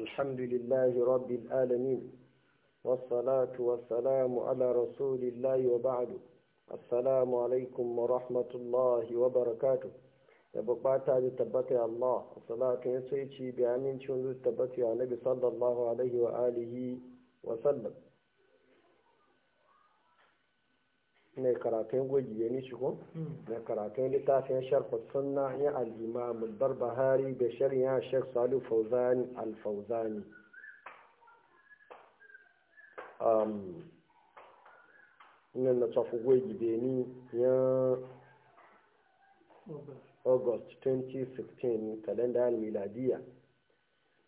الحمد لله رب العالمين والصلاة والسلام على رسول الله وبعد السلام عليكم ورحمة الله وبركاته يبقى تبتي الله الصلاة يسيتي بأمين شنو تبتي النبي صلى الله عليه وآله وسلم mai karatun gwaji ya nishi ko mai hmm. karatun littafin sharfa sunna ya al'imam barbahari da shari'a shek salu fauzani alfauzani nan na tafi gwaji ni ya august 2016 kalenda miladiya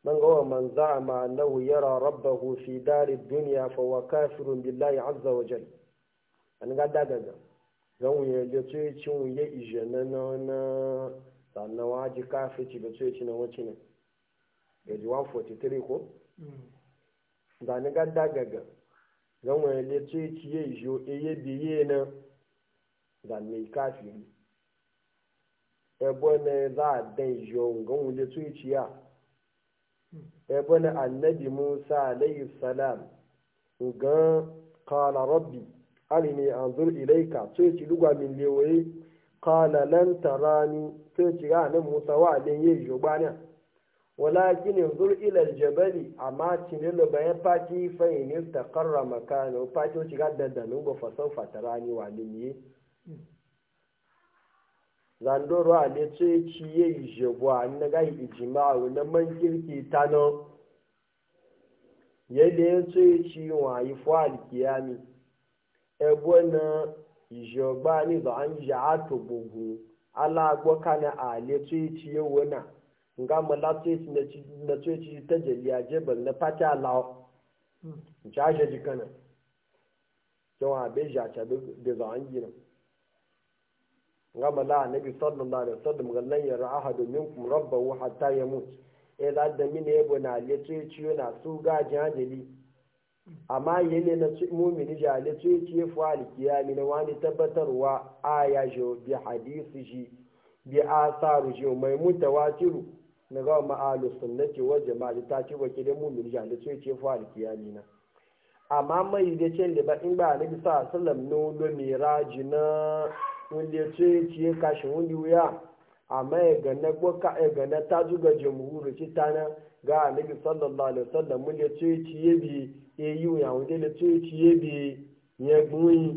من هو من زعم أنه يرى ربه في دار الدنيا فهو كافر بالله عز وجل an ga dagaga zan wuye da na na mm. da na ne 143 ko ga dagaga zan biye na za a dan ngan ya mm. annabi musa alayhi salam ngan an anzur ilaika sai ci lugwa min lewaye qala lan tarani sai ci ga nan musa wa alin yi ne walakin yanzur ila aljabali amma ci ne lo bayan fati fa in istaqarra makana fati ci ga daddalu go fa sawfa tarani wa alin yi zandoro a ne ce ci yi jobwa na ga a na man kirki tano yadda ya ce ci wa yi fa alkiyami ebo na ijiogba ni ba an ji bugu ala agboka na ale to ichi yewo na nga mala to ichi na to ichi ta jeliya jebel na pata alawo jaje jikana jawa be jacha be za an gina nga mala annabi sallallahu alaihi wasallam gallan ya ra'ahadu minkum rabbahu hatta yamut ila e da mine ebo na ale to ichi na su ga jajeli amma yene na mumini jale su yake ce fuhali kiyami na wani tabbatarwa a ya jo bi hadisi ji bi asaru shi mai mutawatiru na ga ma'alu sunnati wa jama'a ta ci wa kidan mumini jale su yake ce fuhali kiyami na amma mai da ce da ba in ba na bisa sallam no lo miraji na wanda ce ce kashin wani wuya amma ya e ga na gwaka ya e ga na ta zuga jamhuru ci ta na ga annabi sallallahu alaihi wasallam mun ya ce ciye yabi eyi wo àwọn délé tó ti yé bi yẹn gbọ́n yín.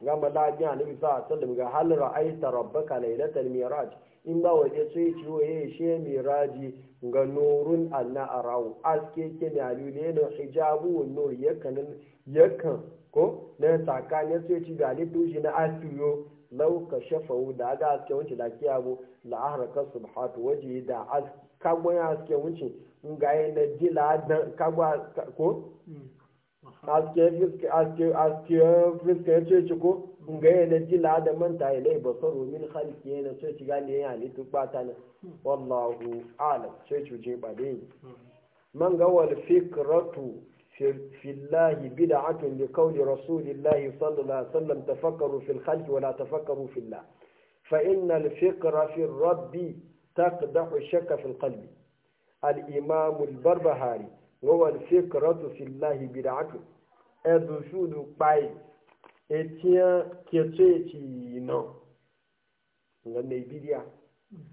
gama lajin annabi sa sallam ga hal ra'aita rabbaka laylatal miraj in ba waje sai ciwo ya she miraji ga nurun ana arau aske ke ne alu ne no hijabu nur yakan yakan ko na tsakanin sai ci ga litu shi na asiyo law kashafu da ga aske wanci da kiyabo la ahraka subhatu waje da aske kagbo ya haske wuce yi na dila ko ya hmm. ce ko yi na da manta ya lai basaru min halki ya na ce ci gani ya halittu bata na wallahu ala ce ci ce ba dai man ga wal fikratu fillahi الله بدعة لقول رسول الله صلى الله عليه وسلم تفكروا في الخلق ولا تفكروا في الله تقدح الشك في القلب الإمام البربهاري هو الفكرة في الله بدعة الرشود باي etiyan kece ci nan wannan bidiya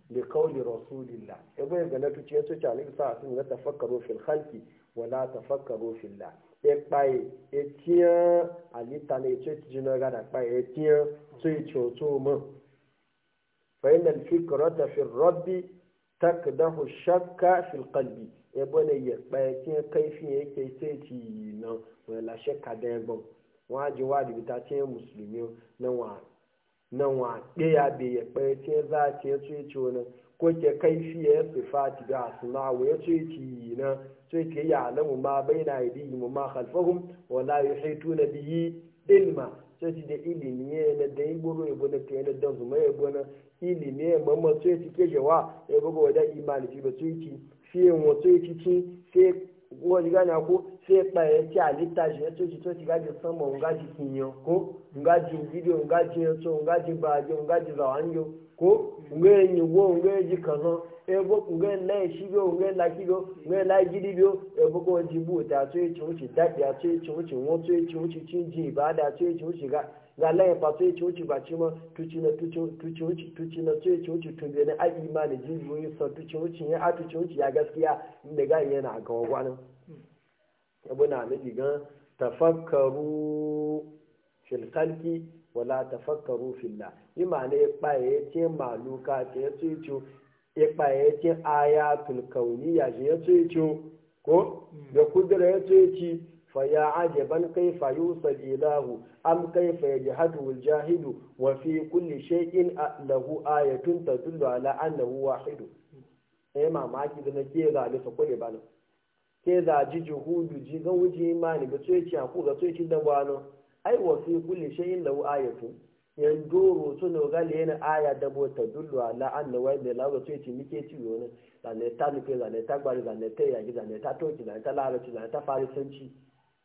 da kauli rasulillah ebe ya gane tuci ya tuci alaihi sa sun ga tafakkaro fil khalqi wala tafakkaro fil la e paye etiyan alita ne ce ci jina ga da paye etiyan tuci o to mo فإن الفكرة في الرب تقدح الشك في القلب يبون يبين كيف يكيتي نو ولا شك دايبون واجي واجي بتاتين مسلمين نو نو يا بي يبين ذاتي تشيتون ko ke kaifi ya sifati da asma wa ya ce ki na sai ke ya alamu ma baina yadihi mu ma khalfahum wa la yuhituna bihi ilma sai da ilimi ne na da iburu ya gona ta yana da zuma ya gona ilimi ya mamma su ya cike jawa ya buga wadda imani fi ba su ci fi yin wasu ci ci sai wani gana ko sai kpaye alita shi ya to ci to ci gaji sama nga ji kinyo ko nga ji video nga ji yanso nga ji baje nga ji zawanjo ko nga yi wo nga yi kazan ebo nga yi lai shi biyo nga yi laki biyo nga yi lai gidi biyo ebo ko ji bu ta to ci wuce daɗi a to ya ci wuce wo to ci wuce cin ji ba da to ci wuce ga ga layin ba sai ci wuce ba ci ma tuci na tuci wuce na a ci wuce tun biyu ma sa ya a ya gaskiya inda ga yana a kawo gwanin abu na nufi gan tafakkaru fil kalki wala tafakkaru filla ima ne ya kpaye ce maluka ce ya ce ce ya kpaye ya ce ce ko hmm. da kudura ya ce ce فيا عجبا كيف يوصل إله أم كيف يجهده الجاهد وفي كل شيء له آية تدل على أنه واحد إما mamaki da na ke zaɓe su kwaɗe ba nan ke zaji juhudu ji gan wuji imani ga tsoye ci ga tsoye ci da wano ai wa fi kulli shay'in lahu ayatu yan doro su ne aya da ta zane ta nufe zane ta gbari zane ta yaki zane ta toki zane ta larabci zane ta farisanci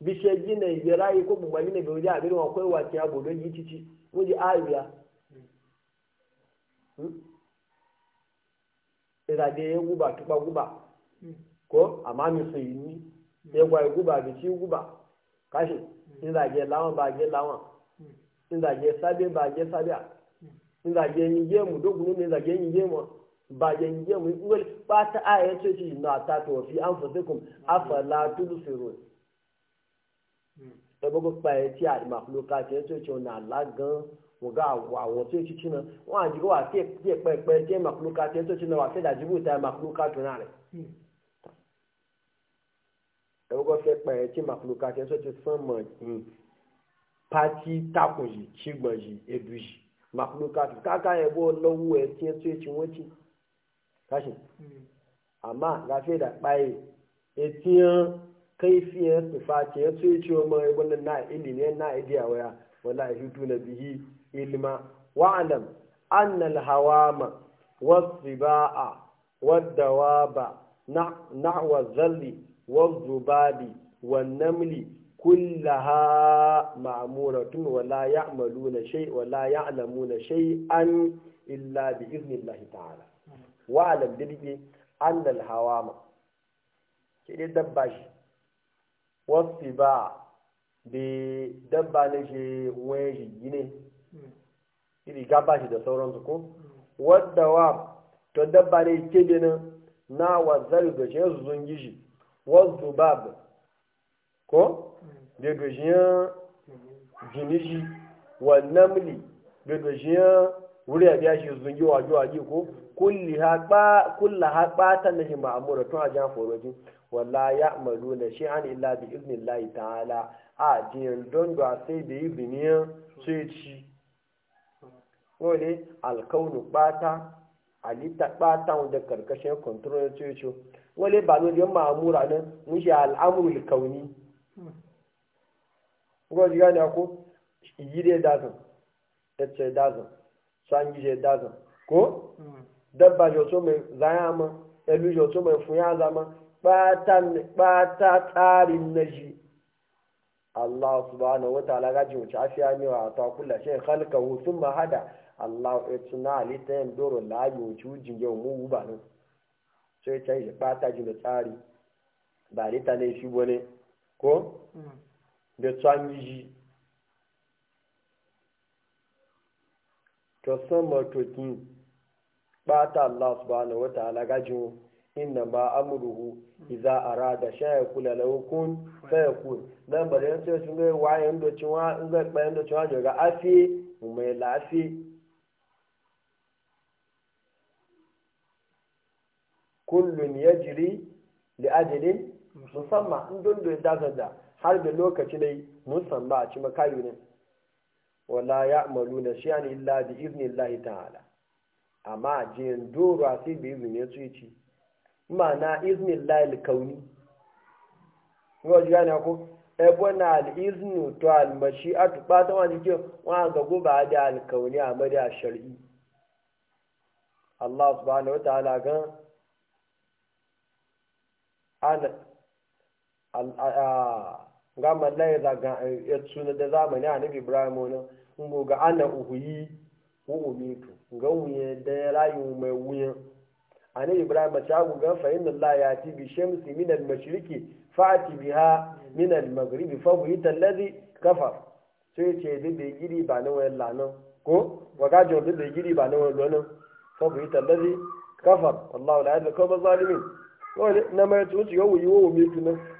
bishe gina yirayi ko bugba gina bai wuja abin wakwai wace ya bodon yi cici wuji ariya irade ya hmm? guba tuba guba hmm. ko amma mi sun yi ni hmm. ya gwai guba bi ci guba kashi irage lawan ba ge lawan irage sabe ba ge sabe irage yi ye mu dogun ne irage yi ye mu ba je yi ye mu wani ba ta aya ce ci na ta tofi an fasikun afala tudu sirori ẹgbẹ́gbẹ́ pa ẹ̀ tí àdìmàfúlùkà tí ẹ̀ tó ṣe ọ̀nà àlá gan wọ́n gá àwọn tí ó ṣe ṣìnà wọ́n àdìgbò wà sí ẹ̀ pẹ́ẹ́pẹ́ tí ẹ̀ màfúlùkà tí ẹ̀ tó ṣìnà wà sí ìdàjúbù tá ẹ̀ màfúlùkà tó náà rẹ̀. ẹgbẹ́gbẹ́ hmm. fẹ́ pa ẹ̀ tí màfúlùkà tí ẹ̀ tó ṣe fún mọ̀ ní pati takùn yìí ṣígbọ̀n yìí edu yìí màfúlùkà tó káká ẹ̀ bọ́ lọ́wọ́ ẹ̀ tí tó ṣe wọ́n ti káṣí àmà láfẹ́ ìdàpá ẹ̀ ẹ̀ tí ẹ̀ kaifiyar tufaki ya ce cewa mai wannan na ilimi na idi a waya wala hutu na bihi ilma wa alam an al hawama wa sibaa wa dawaba na wa zalli wa zubadi wa namli kullaha ma'muratun wa ya'maluna shay wa la ya'lamuna an illa bi iznillahi ta'ala wa alam dalili an al hawama ke wasu ba da dabba ne shi wani shi ne iri gaba shi da sauransu ko mm. wadda wa to dabba ne ke nan na wazari da shi zungi shi wasu ba ko da yan jini shi wa namli da yan wuri a biya shi zungi wa ko kulla ha ɓatan da shi ma'amura tun a jan forojin wala ya malu na shi an illa bi iznin layi ta'ala a jiyan don da sai da yi biniyan sai ci wani alkaunu bata ta bata wanda karkashin kontrol sai ci wani ba nuna yan ma'amura nan mun shi al'amurul kauni gwaji gane ko yire dazin tace dazin san gije dazin ko hmm. dabba joto mai zaya ma elu so mai funya zama ɓata tsarin na shi Allah subhanahu wa ta'ala gaji wuce afiya ne wa ta kula shi halka hutun mahada Allah ya tuna alita yin doro layi wuce wujin yau mu ba nan sai ta yi ɓata ji da tsari ba halitta ne shi wani ko mm. da tsan yi shi to sama to kin ɓata Allah subhanahu wa ta'ala gaji wuce inna ma amruhu idza arada shay'a kula ya kun fayakun dan bare yan sai sun ga 'yan do cinwa in ga bayan do cinwa ga afi mai lafi kullun yajri li ajalin musamma in don do da da har da lokaci ne musamma a ci makayu ne wala ya'maluna shay'an illa bi idnillahi ta'ala amma jin duro asi bi izinin su yi ci ma'ana iznin la'il kauni yau ji gane ko ebe na al'iznu to al-mashi a tuba ta wani ke wani ga a da al-kauni a mari a shari'i Allah subhanahu wa ta'ala gan an ga mallai da ga ya tsuna da zamani a nabi Ibrahim wani ngo ga ana uhuyi ko umitu ga wuye da rayu mai wuyan ani ibrahim ta guga fa inna allah yati bi shamsi min al mashriqi ati biha min al maghribi fa buhita alladhi kafar sai ce da da gidi ba na wayan lanan ko ga jo da da gidi ba na wayan lanan fa buhita alladhi kafar wallahu la yadhlu qawma zalimin wani na mai tuci ga wuyi wo mi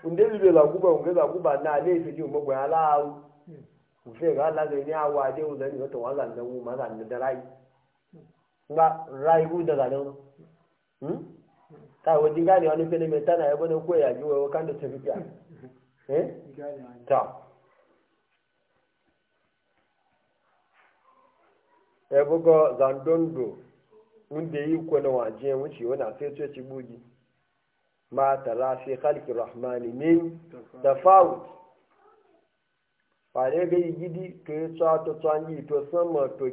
un da bi la guba ga la guba na ne fi ji mu gwa ala ku fe ga la ni awa de u zani to wa zan da mu ma zan da rai ba rai gu da zanu Hmm? Eh? ta wajen gane wani fili na tana ya bane ko ya ji wa kan eh ta ya bugo zandondo yi ko na waje wuce wani sai ce ci bugi ma tara fi khalqi rahmani min tafawut fare ga yi gidi to yi tsawa to to sama to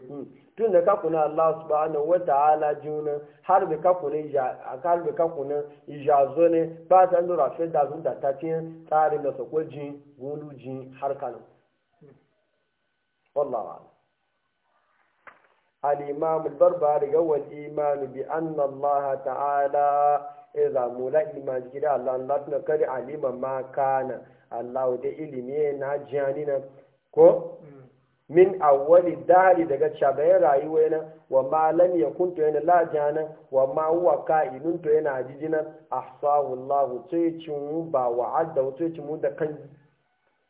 tun da kakuna Allah subhanahu wa ta'ala juna har bi kakuna ja har bi kakuna ijazo ne ba ta lura fe da zun da ta tin tsari da sako ji gulu ji har kanu wallahi al imam al barbari ga wal iman bi anna Allah ta'ala sai zamu la iman gida Allah Allah na kari alima ma kana Allah da ilimi na jani na ko mm. min awwali dali daga cabayin rayuwa yana wa ma lam yakun to yana lajana wa ma huwa ka'inun to yana jijina ahsahu Allah sai ba wa adda sai cin da kan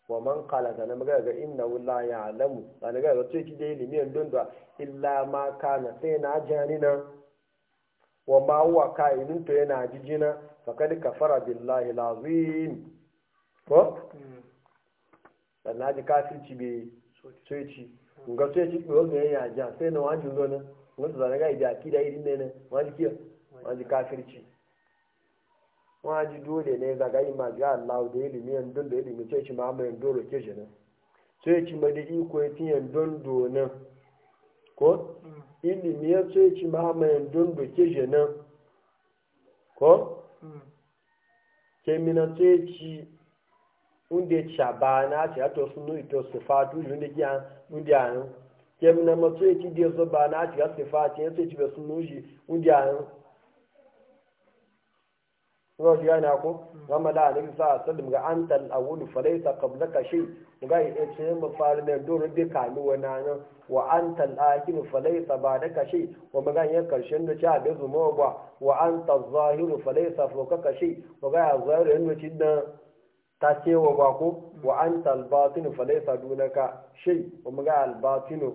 wa man qala da nan inna la ya'lamu dana ga sai ci da ilimi don da illa ma kana sai na jani na wa ma huwa ka'inun to yana jijina faqad kafara billahi alazim ko sannan ji kafirci be soyici ga soyici ko ga yaya ja sai na wajin zo ne wasu zane ga ida kida irin ne ne wani kiyo wani kafirci wani dole ne ga yi ga Allah da ilimi an don da ilimi ce ci ma amma yan doro ke shi ne sai ci ma da iko ya tiyan don do nan ko ilimi ya so ci mamayen don ko kemina so unde chaba na ci ato sunu ito sifatu yunde kiya unde anu kemina ma so ci de so baa na ci sunu ji unde anu suna shi yana ko gama da alaihi sa sallam ga an tal falaita falaisa qablaka shi ga yi ce mu fara ne dorin bi kami wana nan wa an tal akhiru falaisa badaka shi wa magan ya karshen da cha da zuma ba wa an tal zahiru falaisa ka shay wa ga ya zahiru yana cin da ta ce wa ba ko wa an tal batinu falaisa dunaka shi wa magan al batinu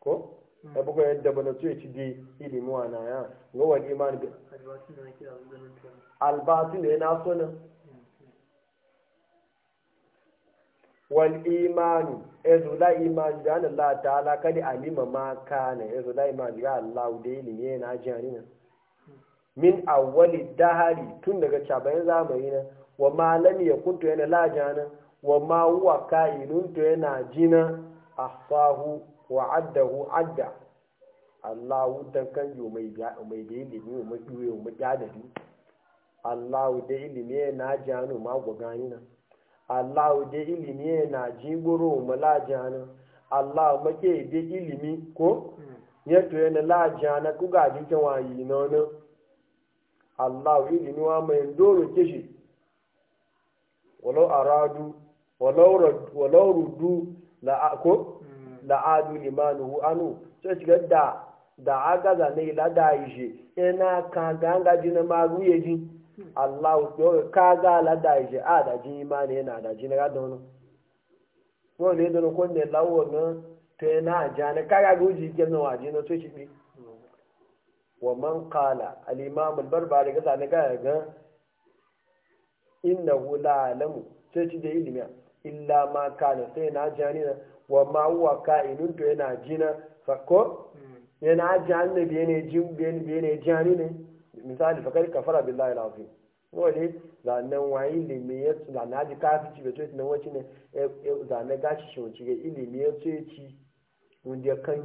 ko ya buga yadda bana so ci di ilimi wa na ya ga wani iman ga albatin da na so nan wal imanu ezu la imanu da Allah alaka da alima ma na ezu la imanu ga Allah da ilimi na ji hannu min da dahari tun daga cabayin zamani na wa ma lam yakun to yana lajana wa ma wuwa kainun to yana jina ahsahu wa addahu adda Allahu dan kan yo mai biya mai da ilimi mai duwe mai jadadi Allahu da ilimi na janu ma gogani na Allahu da ilimi na jigoro mala janu Allah make da ilimi ko hmm. to yana la janu ku ga ji kan wayi nono Allahu ilimi wa mai doro kishi walau aradu walau walau rudu la ko la'adu limanuhu anu so shiga da da aga za ne da ije ina kan ganga jina ma ruye ji Allah yo ka ga lada ije a da ji imani yana da ji na da wani ko ne da ko ne lawo na te na ne ka ga guji ke wa ji no to shi bi wa man qala al imam al barbari ga ne ga ga innahu la alamu sai ci da ilimi illa ma kana sai na jani na wa ma huwa ka'inun to yana jina ko yana aji annabi yana ji yana ji ani ne misali fa kai kafara billahi alazim wale zanen wa ilimi ya tsu zanen aji kafici bai tsoye na wacce ne e, e, zanen gashi shi wacce ilimi ya tsoye ci wanda kan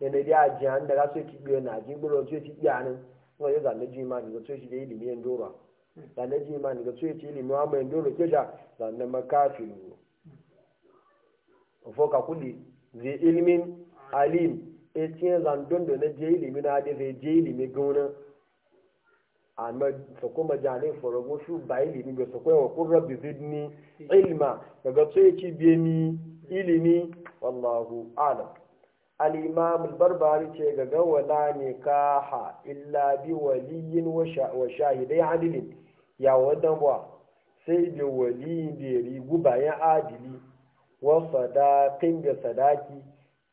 yi yana da aji an da gasu ci biyo na ajin gburo tsoye ci iya nan wale zanen ji ma daga tsoye ci da ilimi ya ndora hmm. zanen ji ma daga tsoye ci ilimi wa mai ndora keja zanen makafiru foka kulli zai ilimin alim e tiyan zan da na je ilimi na adi zai je ilimi gona amma su kuma jane forogo shu ba ilimi ga su kai e wa kun rabbi zidni ilima daga sai e ci biye ni ilimi wallahu alam al barbari ce gaga wala ne ka ha illa bi waliyin wa shahidai adilin ya wadan ba sai da waliyin da ya rigu bayan adili wa sadaqin da sadaki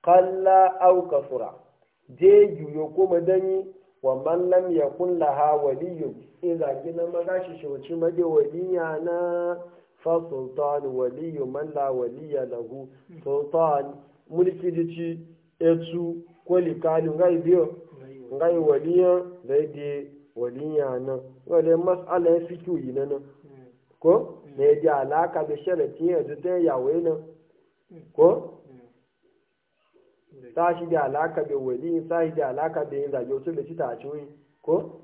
qalla aw kasura je juyo ko madani wa man lam yakun laha waliyyu idza gina magashi shoci maje waliya na fa sultan waliyyu man la waliya lahu sultan mulki dici etu ko likanu ngai biyo ngai waliya zai di waliya na wale mas'ala na nan ko hmm. ne di alaka da sharatiya yanzu ta yawo nan ko ta mm. shi da alaka da wali ta shi da alaka da yin zage wasu da shi ta ci ko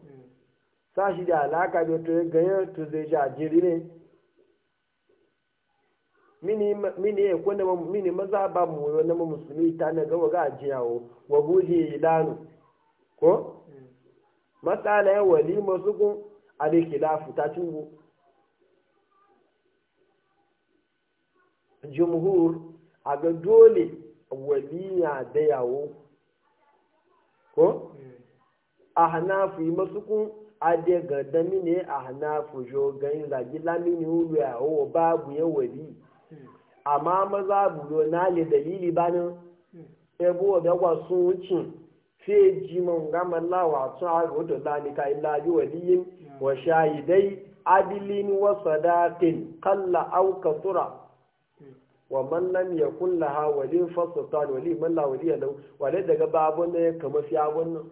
ta mm. shi da alaka da to ganyen to zai ja jiri ne mini ya kuna mini maza ba mu wani musulmi ta na gawa ga ajiyawo wa buji ilanu ko mm. matsala ya wali masu kun lafi ta cubu jumhur a ga dole waliya da yawo ko hmm. a hanafu yi masu kun ade gada mini a hanafu jo zagi lamini hulu ya o babu ya wali hmm. amma maza bulo na le dalili banin hmm. ebo da wasu wucin sai ji man gama lawa tun a rudu lalika illa yi waliyin wa shahidai adilin wa sadaqin kalla au kasura wa man lam yakun laha wali fa sultan wali man la wali lahu wale daga babun ne kamar fi abun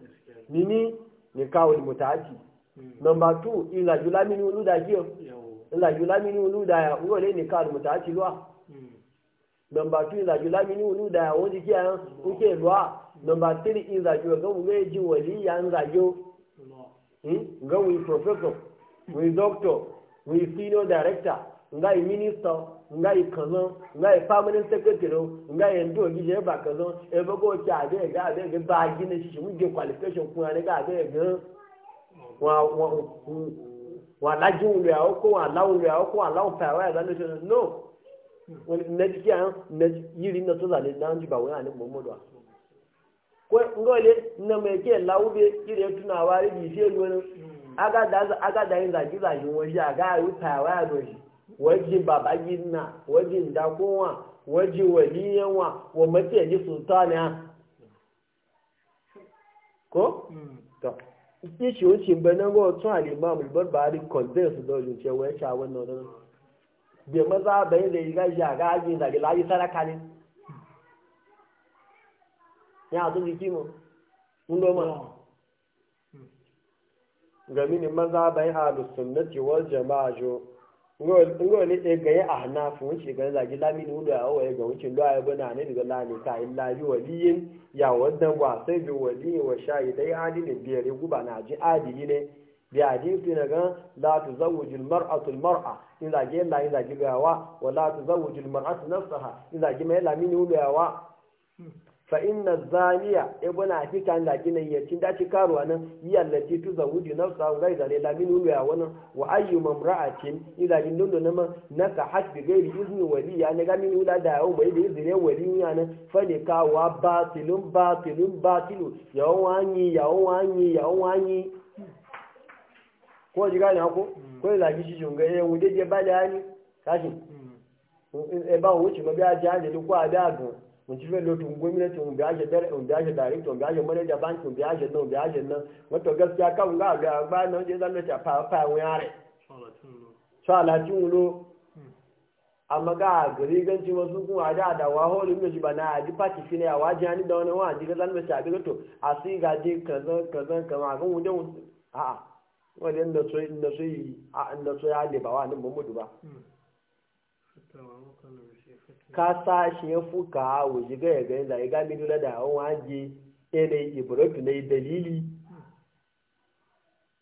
nini ni kawul mutaati number 2 ila julami ni uluda giyo ila julami ni uluda ya le ni kawul mutaati lo hmm. number 2 ila julami ni uluda ya wodi kiya ke lo hmm. number 3 ila jiyo ga wuge ji wali ya nza yo hmm nga wi professor wi doctor wi senior director nga minister nga yi kazan nga yi secretary nga ndo ojii je ba kazan e bo go cha de ga de ba gi ne shi mu ge qualification ku ne ga de ga wa wa wa la ju ya ko wa la ya ko wa la no no wani a na yiri na to zale na ji ba wani ne mu mu da ko ngole na me ke laube na tunawa ri bi se lu da aga da aga wa do wajin babagin na wajin dakowa wajin waliyanwa wa mace ji sultana ko? Hmm. to ike shi wuce bayan ga otu alimam albarbari su da ojun ce wai sha wannan wannan bai maza bayan da yi gaji a gaji da gilayi saraka ne ya zo jiki mu mun doma hmm. ga mini maza bayan halussun na cewar jama'a jo ngo ni e gaye a hana fu wuce ga zagi lami ne da awaye ga wuce lo ayi bana ne daga lani ka illa bi waliyin ya wadda wa sai bi waliyi wa shahidai adilin biyar guba na ji adili ne bi hadisi na ga la tuzawwiju almar'atu almar'a in zagi illa in zagi gawa wa la tuzawwiju almar'atu nafsaha in zagi mai lami ne da awa. fa inna zaniya e bona fitan da kina yacin da ci karuwa nan yallati tu na sa gai da la min ya wannan wa ayyu mamra'atin ila idza jindu nama naka hat bi gairi izni wali ya ne ga min hula da yau bai da izinin wali ya nan fa ne ka wa batilun batilun batilu ya wani ya wani ya wani ko ji gane mm. ko ko la ji shi shunga eh wunde je ba da ni kashi mm. e, e ba wuci ma bi a jaje ko a da gun wọ́n ti fẹ́ lo tun gómìnà tun bí a ṣe bẹ̀rẹ̀ tun bí a ṣe dàrí tun bí a ṣe mọ́nẹ́jà báńkì tun bí a ṣe náà bí a ṣe náà wọ́n tọ́ gẹ́sì akáwọn gáà lọ àgbà náà ṣe sáré ṣe pàápàá àwọn yàrá rẹ̀. sọ àlàtí wọn lo wasu kun a da da waho ji bana a ji da wani wani zan a biga to a sai ga je a wani a inda ka sa ya fuka wa jiga ya gani da ya gami nuna da yawon waje ene ibrahim na dalili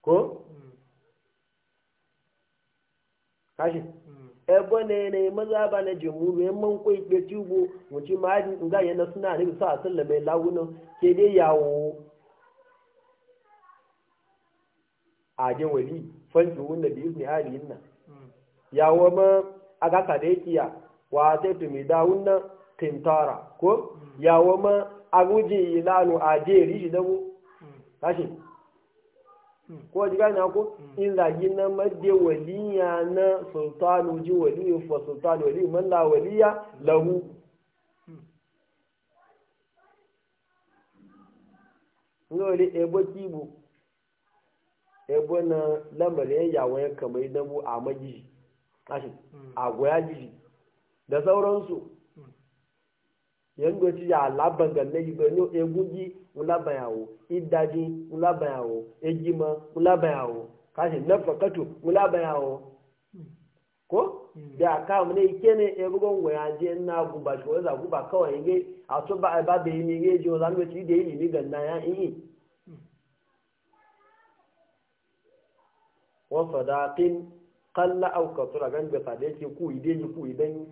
ko kashi mm. ebe na yanayi maza ba na jimuru yan man kwai ke tubo ma ma'adin ga yana suna ne bisa a sallama ya lagunan ke dai yawo a je wali fanki wunna biyu ne hali yin nan mm. yawo ma a gasa da ya wa ta tu mi da wannan tintara ko ya wa ma aguji ilanu aje jeri shi dawo tashi hmm. hmm. ko ji gani ko hmm. in zagi na madde waliya na sultanu ji waliyu fa sultanu waliyu man la waliya lahu lori ebo kibu ebo na lamarin ya kamar dabu a majiji tashi a goya jiji da sauransu yanzu ci ya laban ganna yi ba yau egungi mulaban yawo idaji mulaban yawo egima mulaban yawo kashi nafakatu mulaban yawo ko mm. da ka mu ne kene e waya je na guba shi wanda guba kawai nge a to ba ba be ni nge jo zan ci da yi ni ganna ya yi mm. wa sadaqin qalla aw kathura gan da sade ki ku ide ku idan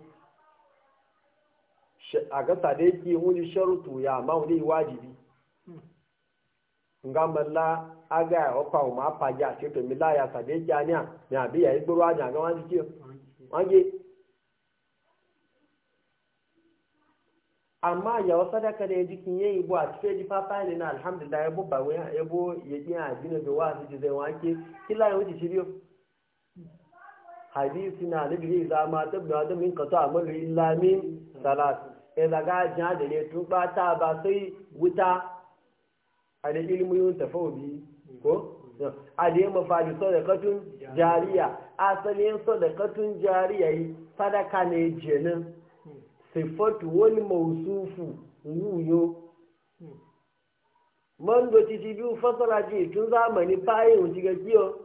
a ga sadeki wuli sharutu ya ma wuli wajibi nga malla aga ya opa o ma pa ja ti to mi la ya sadeki ania ni abi ya igboro ania nga wan ti o wan je amma ya wa sadaka da jikin yayi bu a cikin ji papa ne na alhamdulillah ya bu ba wai ya bu ya ji a jina da wa ji zai wanke kila ya wuce shiryo hadisi na nabi zama tabda da min qata amru illa min salat ezaga jan da ne tun ta ba sai wuta a da ilmiyin tafawobi ko a da yin mafari sadakatun jariya asalin sadakatun jariya yi sadaka ne jenin sifatu wani mausufu wuyo man da titi biyu fasara ce tun zamani fayin wuce ga kiyo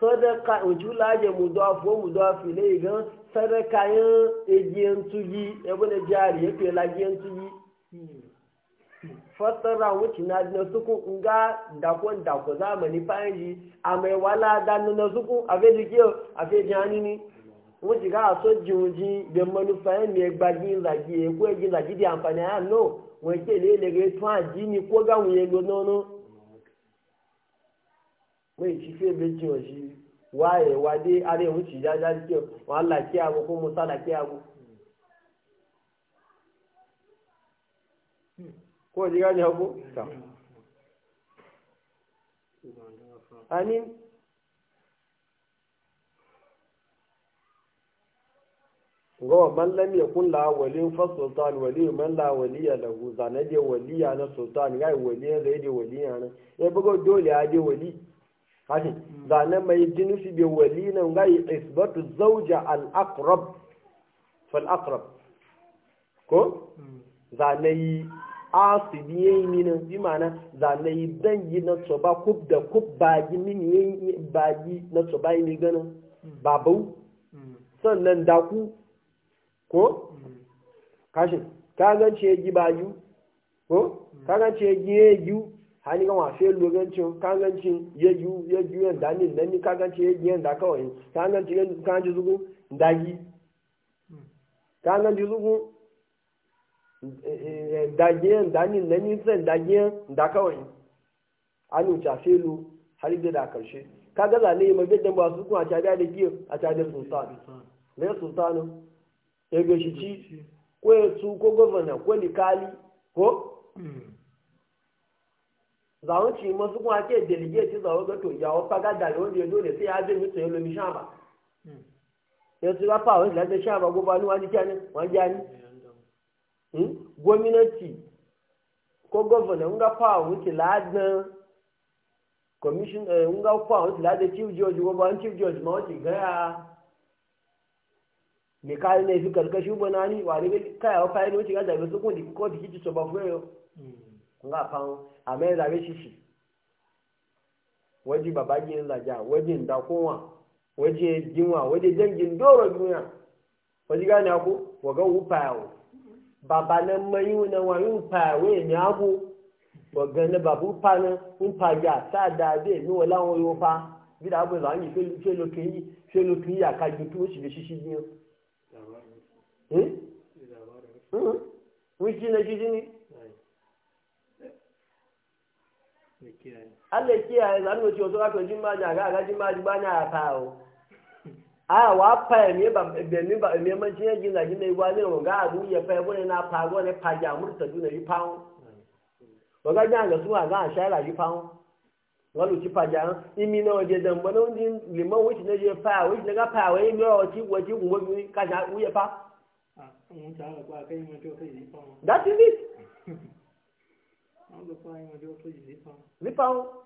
sadaka wuce laje mu zuwa fuwa mu zuwa filai gan sadaka yin egiyan tuji ebe na jari ya fiye lagiyan tuji fassara wuce na na suku nga dakon dako zamani fahimji a mai wala da na suku a fe jike a fe jani ni wuce ga so jiwuji da manufa yin mai gbagi zagi ya kuwa gi zagi da amfani a no wani ke lele ga tun aji ni ko ga wuye gbonono mai ci fe bai ciwo shi waye wade are wuce ya ja ke wa Allah ke abu ko musa da ke abu ko ji gani hako ta amin gawa man lam yakun la wali fa sultan wali man la wali lahu zanaje waliya na sultan gai wali ne da wali ya ne ya bugo dole ya je wali kashi hmm. zane mai jinsi bai wali na ngai isbatu zauja al-aqrab fal aqrab ko hmm. zane yi asibi yayi mina bi mana zane yi yi na tsoba kub da kub baji mini ba baji na tsoba yi ganin hmm. babu sannan daku ko kashin ka gance ji bayu ko ka gance ji yayi hani kan wafe logancin kangancin ya ya yu yan dani nan ni ya yan da kawai kangancin ya kangancin zugu dagi kangancin zugu eh, eh, eh, dagi yan nan ni san dagi yan da kawai anu ta felu har da da karshe kaga zane mai bidan ba su kuma ta da da giyo a ta da sultan ne sultanu ya gashi ci ko ya su ko gwamna ko likali ko hmm. zawon ci masu kuma ke delige ci zawon ga to yawon faga da lewon da dole sai ya je mutu ya lomi shamba hmm. ya ci ba fa wani shamba goba ni wani kyani wani gwamnati ko gwamna nga fa wuce ladan commission eh nga fa wuce ladan chief judge goba wani chief judge ma wuce gaya me ne fi karkashin banani wani kaya wa fayin wuce ga zabe su kuma da kikotu kici so ba yo. Hmm. nga kan da zabe shishi waje babaji yin zaja waje ndakowa waje jinwa waje dangin doro duniya waje gane ku waga wupayo baba na mayu na wayu wupayo ya nyago waga na babu pana wupaja ta da be ni wala won yo fa bi da abu za ni fe fe lo kin fe lo kin ya ka ju tu shi be shishi ni eh eh wuji na shishi ni Allah ya kiyaye za mu ce wasu aka jin maji aga ga jin maji ba na a wa fa me ba me ba me man dai ba ne ga abu ya fa bune na fa ne fa ja murta duna yi fawo wa ga jan ga su ga a yi fawo wa ci fa ja imi na waje dan ba non din liman ne je fa wuci ne ga fa wa yi ne ngo ka sha u fa that is it Nipa wo?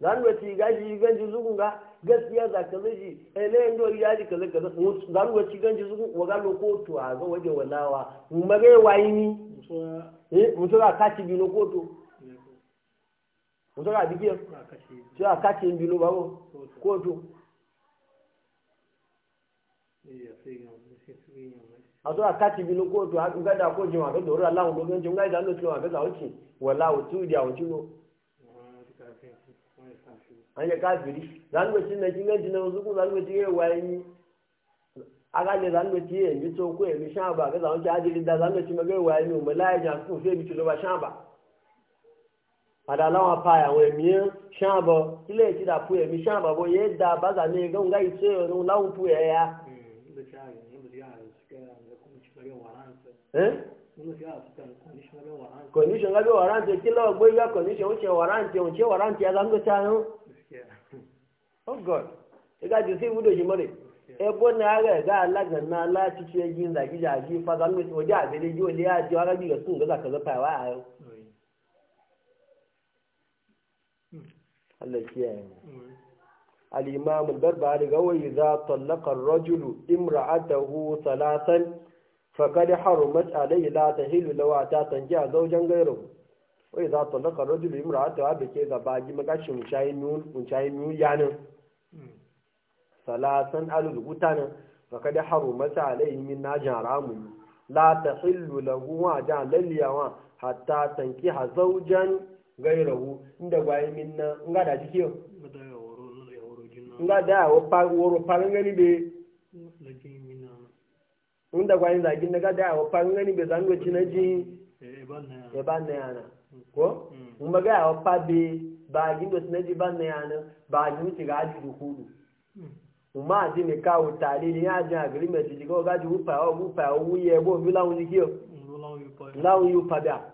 Zanu wati gaji ganji zugun ga gaskiya za ka zai zaji ele ndo yaji kaza kaza zanu wati ganji wa waga lokoto a ga waje walawa mage wayi ni eh mutura kaci bi lokoto mutura bibiye ka kaci bi lo bawo koto eh ya sai ga sai àti àkáàtì ibi ló kóòtù àgbẹ̀dà kó jẹun àgbẹ̀dà òru aláwọn gbogbo jẹun láì dáná tí wọn àgbẹ̀dà ó wọ̀lá òtún ìdí àwọn tí ló. wọ́n yẹ káàkiri lánàgbèsí nàìjíríà jìnnà oṣùkú yẹ ẹyin yẹ tó kó ẹyin condition ga bai warranty kila gbe ga condition wuce warranty wuce warranty ya zanga ta yau oh god e ga jisi wudo shi mare e bon na ga ga alaga na la da gi ja fa da mu to ja be ji wali ya ji ga sun ga za ka za fa wa ayo Allah ya الإمام البربري قال إذا طلق الرجل امرأته ثلاثا فقد حرمت عليه لا تهيل لو أتى تنجع زوجا غيره وإذا طلق الرجل امرأته بكي إذا باجي مقاش مشاينون مشاينون يعني ثلاثا ألو الغتان فقد حرمت عليه من ناجع رامي لا تحل له وجع لليوا حتى تنكيها زوجا غيره عند غايمنا غدا جيو nga da woro parangani be unda kwa inza ginda ga da be zango chinaji e ba na yana ko mm. umba ga wa pabe ba gindo chinaji ba na ba gindo ga ji hudu uma ji ne ka utali ni aja agreement ji ga ji o upa o uye bo bi ji ki o da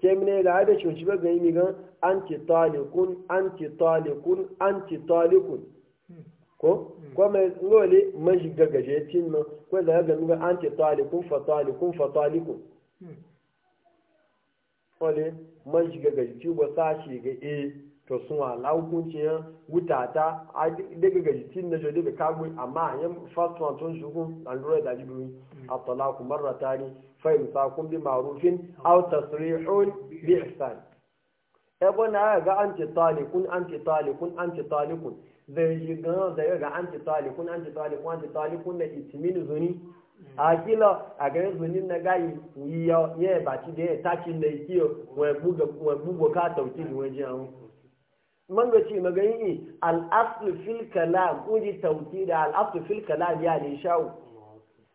kemine da hada shi ba ga yi gan anti talikun anti talikun anti talikun ko hmm. ko mai ngole maji gagaje tin ma ko da ga hmm. ga anti talikun fa talikun fa talikun ole maji gagaje ti ba sa shi ga eh to sun ala hukunci yan wuta ta daga da na da kagun amma yin first one tun an lura da jibiru mm. a talaku marata ta ne fahim sakon bi marufin aw tasrihun bi ihsan ebe na ga anti talikun anti talikun anti talikun zai yi ga zai ga anti talikun anti talikun anti talikun na itimin zuni mm. a kila a ganin zunin na gayi yi ya ba ci da ya tashi da ikiyo wa buga ka tauki da wajen من قلت ما magani الأصل في الكلام kuji tauki da al'aslu fil kalam ya ne shawo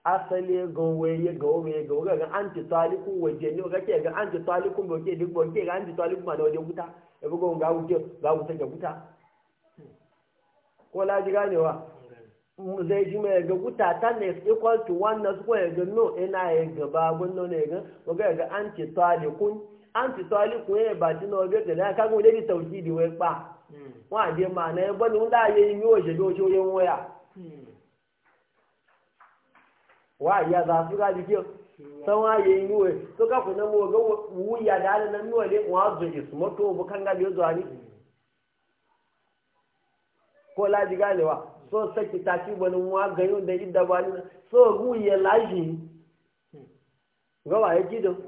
asali gonwe ya ga anti talikun ga ke ga anti talikun ba ke duk ba ke ko la ji wa zai ji mai ga wuta ta ne equal to one na su ko ya ga no ina ya ga babun no ne ga ga anti kun. an ti hmm. hmm. hmm. sọ alikun yẹn ìbàdí náà ọbẹ̀ tẹ̀lé akágun ilé ní tàwọn ìdí wẹ́ pa wọn àdé máa náà ẹgbọ́n ni wọn láàyè inú òṣèlú oṣù oyè wọn yà wọn àyè àgbà àfúrà bí kí sanwó àyè inú ẹ tó káfọ náà wọn wú yà dáadáa náà nínú ọ̀lẹ́ wọn á zọ ìsúmọ́ tó wọn kánga bí ó zọ àní. kó láti gáàlè wa sọ sẹ́kì tàkì wọn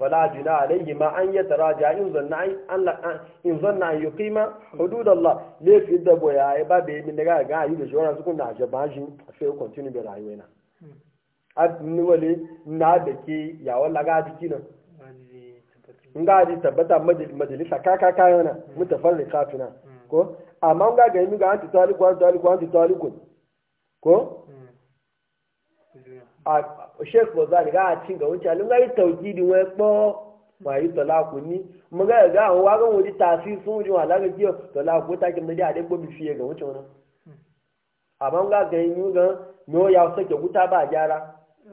فلا جنا عليهما أن يتراجع إن ظن إن ظن أن يقيم حدود الله ليه في الدبو يا من دقا قاعد يجي سكون عجب عجين في كونتيني برايونا أبن ولي na يا والله قاعد كينا nga tabbata majalisa kaka na mutafarri kafina ko amma nga ga yi ga anti taliku anti taliku ko sheikh bozani ga a cin ga wuce alin ga yi taukidi wani kpọ ma yi talaku ni mun ga ga an wagan wuri tafi sun wuce wala ga kiyo talaku ta kin da dai gobi fiye ga wuce wani. amma ga ga yi ga no ya sake guta ba gyara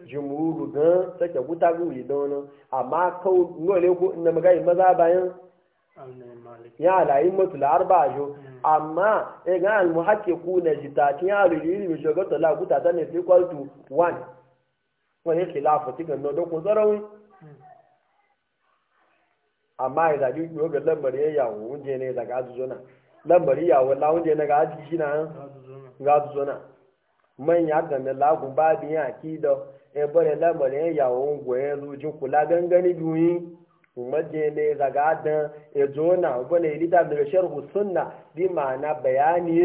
jumuru ga sake guta ga wuri da wani amma kau ngole ko inda maga maza bayan ya alayi matul arba jo hmm. amma e ga al muhaqqiqu na jitati ya al ilmi shoga to la guta ta ne equal to 1 wani khilaf ti ga no do ko zarawi hmm. amma e ida ju yo ga lambar ya yawo unje ne daga azuzona lambar ya wala unje na ga aji shi na eh? ga azuzona man ya ga me lagun ba bi ya kido e bare lambar ya yawo ngwe zu jin kula gangani duyin majene zaga da ya zo na wani ilita daga sharhu sunna bi ma'ana bayani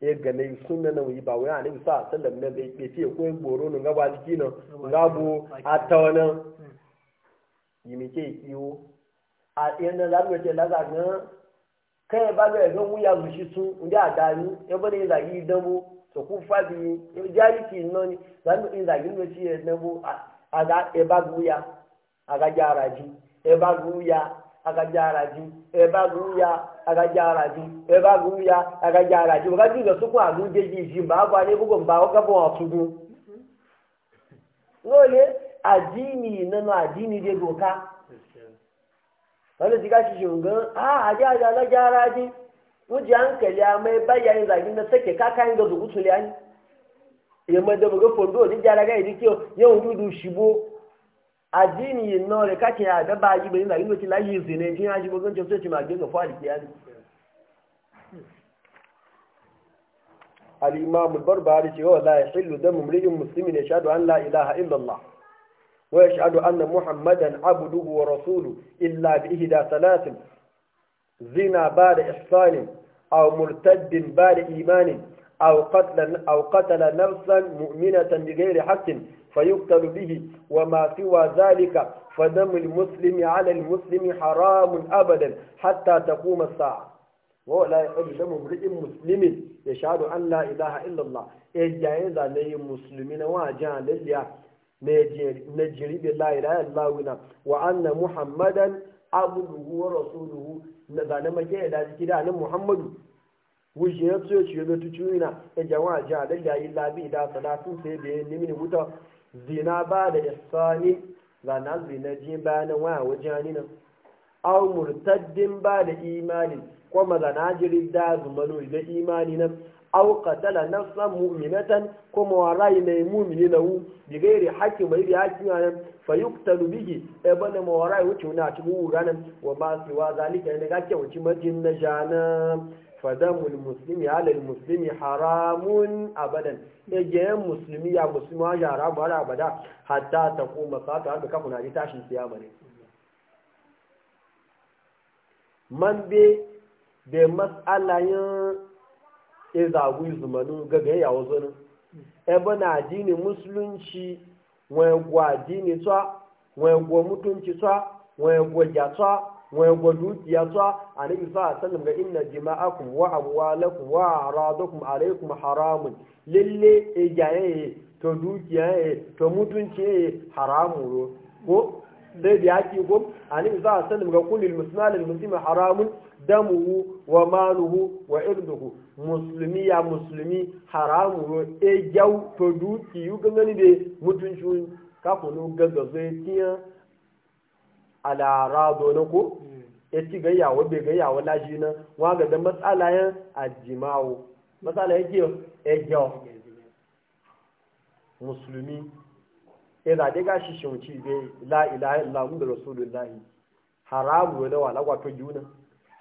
ya gane sunna na wuyi ba wani anabi sa sallam na zai ke ce ko goro nun gaba jiki nan gabo a ta wani yi mi ke kiwo a yana za mu ce laza na kai ba ga ga wuya shi sun inda a dani ya bane zagi dabo to ku fadi jariki nan zan in zagi ne ci dabo a ga e ba wuya Akajaraji, gyara ji eba guya aga akajaraji, ji eba guya aga gyara ji eba guya aga gyara ji oga jizo sukun mba agwa ne gugu mba oga bo otugu lole adini nanu adini de doka wani shiga shi shungan ah, a aji aji ala gyara ji wuji hankali a mai bayanin zagin na sake kakayin ga zugu suliyani yamma da buga fondo ni gyara ga idi kiyo yau dudu shibo addini yin nore kake ya da ba yi bai zai lokaci layi su ne jin yaji bugun ce sai ma ga fadi kiyani al imam al barbari ce wala yahillu dam mumrijin muslimin yashhadu an la ilaha illa allah wa yashhadu anna muhammadan abduhu wa rasuluhu illa bi ihda salatin zina bada da ihsanin aw murtaddin ba imanin أو قتل, أو قتل نفسا مؤمنة بغير حق فيقتل به وما سوى ذلك فدم المسلم على المسلم حرام أبدا حتى تقوم الساعة وهو لا يحب دم امرئ مسلم يشهد أن لا إله إلا الله إجايز عليه مسلمين واجعل لله نجري بالله لا إله إلا وأن محمدا عبده ورسوله ذا نمجي إلى ذكر محمد wuce ya tsoye ciye da tuci wina ya jama'a ji a dalila yi labi da salatun sai da ya nemi wuta zina ba da isani na zina ji bayanan waya wajen nina aw murtaddin ba da imani ko na jirin da zumanu da imani nan aw na san mu'minatan ko mawarai ne mu'mini na wu. bi gairi bai bi haƙƙi nan fa yuktalu bihi e mawarai wuce a cikin wuranan wa ma wa zalika ne ga kyauci majin na jana fadamu muslimi halin muslimi haramun abadan egeyen musulmi ya musulmi wa yara mara abada hatta ta koma sata haka da kafa na ji tashin siyama ne man be da matsalayin izagu zumanin gaga ya wazo ne ebe na addini musulunci wani gwa addini tsa wani gwa mutunci tsa wani gwa gyatsa wai gwa dukiya ta annabi sa sallam ga inna jima'akum wa amwalakum wa aradakum alaikum haramun lalle ejaye to dukiya to mutunci haramu ro ko dai da yake ko annabi sa sallam ga kullil muslimin lil muslimi haramun damuhu wa maluhu wa irduhu muslimi ya muslimi haramu ro jaw e to dukiyu gangani de mutunci ka kunu zai tiya alara na ko hmm. ya ci gayyawa bai gayyawa laji na waga da matsala yan ajimawo matsala yake egyo musulmi ya zaɗe gashi shauci bai la ilaha illa mu da rasulullahi haramu da wala kwato juna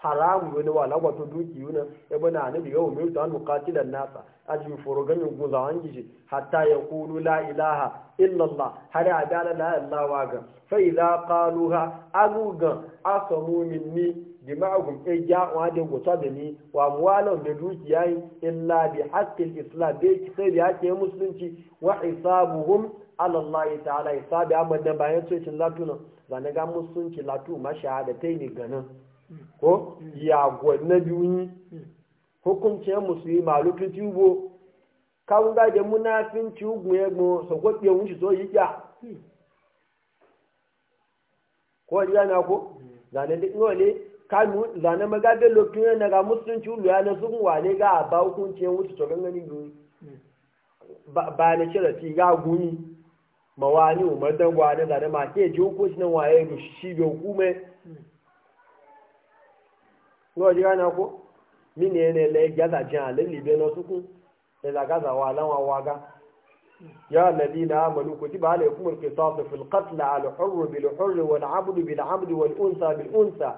haramu wani wala wato duki yuna ya bana annabi ga umar ta muqatilan nasa ajin furogani guza an gishi hatta ya kulu la ilaha illa allah har adala la allah waga fa idza qaluha aguga asamu minni jima'ukum e ja wa de gota da ni wa muwalan da dukiyayi illa bi haqqil islam ki sai da yake musulunci wa hisabuhum ala allah ta'ala hisabi amma da bayan sai cin latuna zanaga musulunci latu ma shahadatai ganin ko ya na biyu hukuncin musulma lokacin wo kawun gaje munafinci ugun egbon sọgbọ́pẹ̀ ohun ṣìṣọ́ yìí jà ko ji yana ko zane duk nwale kanu zane magabe lokacin yana ga musulunci ulu yana sun wane ga a ba hukuncin wuce to gangani biyu hmm. ba na ga gumi mawani umar dangwa na zane ma ke ji hukuncin waye shi bai lọ́wọ́ jí ránà kó mí ni ẹni ẹlẹ́ gáza jẹ́ àlẹ́ lìbẹ́ lọ sókún ẹ̀là gáza wà láwọn awága yà lẹ́bí náà mọ̀lú kò tí bá lè kúmọ̀ kì sọ́ sí filkatla alùhùrù bilùhùrù wọn abudu bilàbudu wọn unsa bilunsa